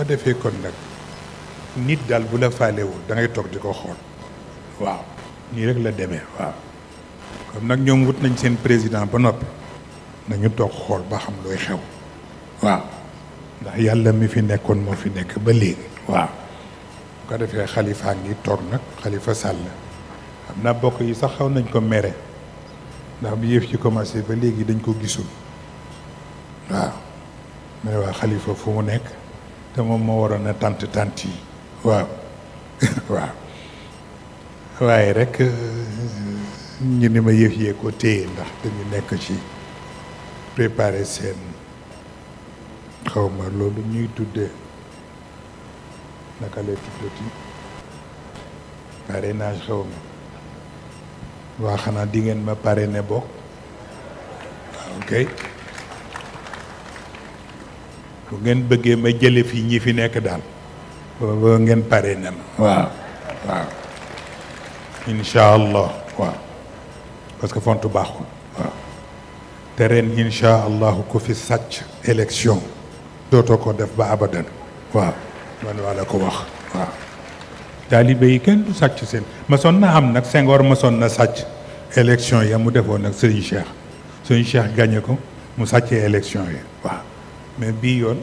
soo defee kon nag nit daal bu la faalewul da ngay toog di ko xool waaw rek la demee waaw nag ñoom wut nañ seen président ba noppi nañu toog xool ba xam looy xew waaw ndax yàlla mi fi nekkoon moo fi nekk ba léegi waaw bu ko defee xalifaa ngi toog nag xalifa sàll xam naa bokk yi sax xew nañ ko mere ndax bi yëf ci commencé ba léegi dañ ko gisul waaw mais waa xalifa fu mu nekk te moom moo waroon a tant tant yi waaw waaw waaye rek euh, ñu ni ma yëf yee ko téye ndax dañu nekk ci préparer seen xawma loolu ñuy tudde naka lay tuddati parrainage xawma waa xanaa di ngeen ma ne bokk waaw ah, bu ngeen bëggee ma jële fii ñii fi nekk daal booba ngeen pare na waaw waaw incha allah waaw parce que fontu baaxul waaw te ren incha allahu ku fi sàcc élection dootoo ko def ba abadan waaw man waa la ko wax waaw taalibe yi kenn du sàcc seen masoon na am nag Senghor masoon na sàcc élection ya mu defoon nag Serigne Cheikh Serigne Cheikh gagné ko mu sàccee élection yi waaw mais bii yoon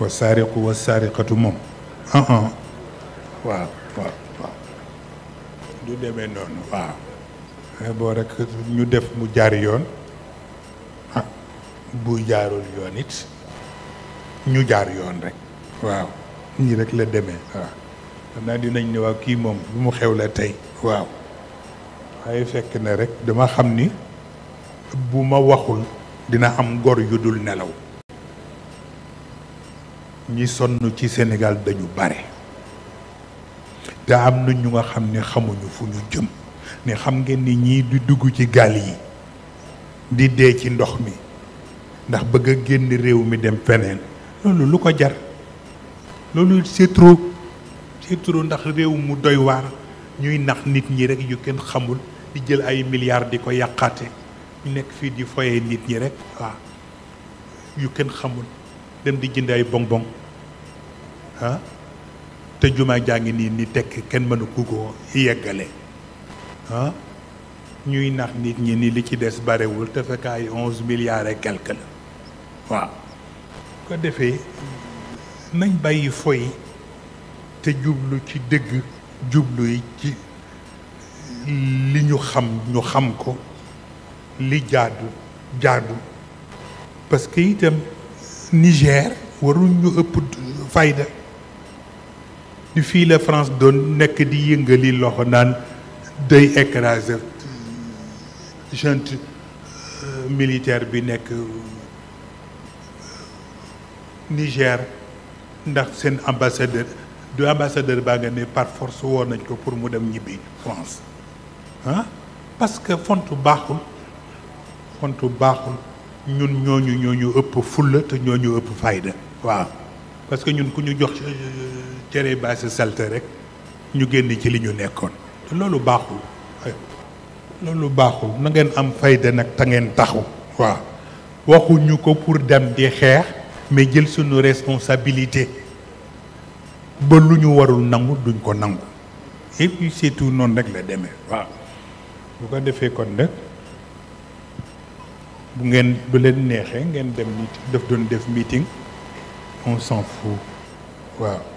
wa saariqu wa saariqatu moom waaw waaw waaw du demee noonu waaw mais boo ñu def mu jaar yoon ah bu jaarul yoon it ñu jaar yoon rek waaw ñii rek la demee waaw ah. xam naa dinañ ne waaw kii moom lu mu xew la tey waaw waaye fekk na rek dama xam ni bu ma waxul dina am gor yu dul nelaw ñi sonn ci Sénégal dañu bare te am na ñu nga xam ne xamuñu fu ñu jëm ne xam ngeen ni ñii di dugg ci gaal yi di dee ci ndox mi ndax bëgg a génn réew mi dem feneen loolu lu ko jar loolu c'est trop c'est trop ndax réew mu doy waar ñuy nax nit ñi rekk yu kenn xamul di jël ay milliards di ko yàqaate ñu nekk fii di foyee nit ñi rek waa yu kenn xamul dem di jënd ay bonbon ah te jumaa jaa ngi nii ni tekk kenn mënu ku ko yeggale ah. ñuy nax nit ñi ni li ci des barewul te fekk ay onze milliards et quelque la ko defee nañ bàyyi foy te jublu ci dëgg jublu yi ci li ñu xam ñu xam ko li jaadu jaadu parce que itam Niger waruñ ñu ëpp fayda di fii la France doon nekk di yëngali loxo naan day écraser junte euh, militaire bi nekk euh, Niger ndax seen ambassadeur du ambassadeur baa nga ne par force nañ ko pour mu dem ñibbi France parce que font baaxul xontu baaxul ñun ñooñu ñooñu ëpp fulla te ñooñu ëpp fayda waaw parce que ñun ku ñu jox euh, cere ba sa salte rek ñu génn ci li ñu nekkoon te loolu baaxul loolu baaxul nangeen am fayda nag te ngeen taxu waaw waxuñu ko pour dem di xeex mais jël suñu responsabilité ba lu ñu warul nangu duñ ko nangu et puis c'est tout noonu rek la demee waaw bu ko defee kon nag bu ngeen bu leen neexee ngeen dem meeting daf doon def meeting on s'en fout waaw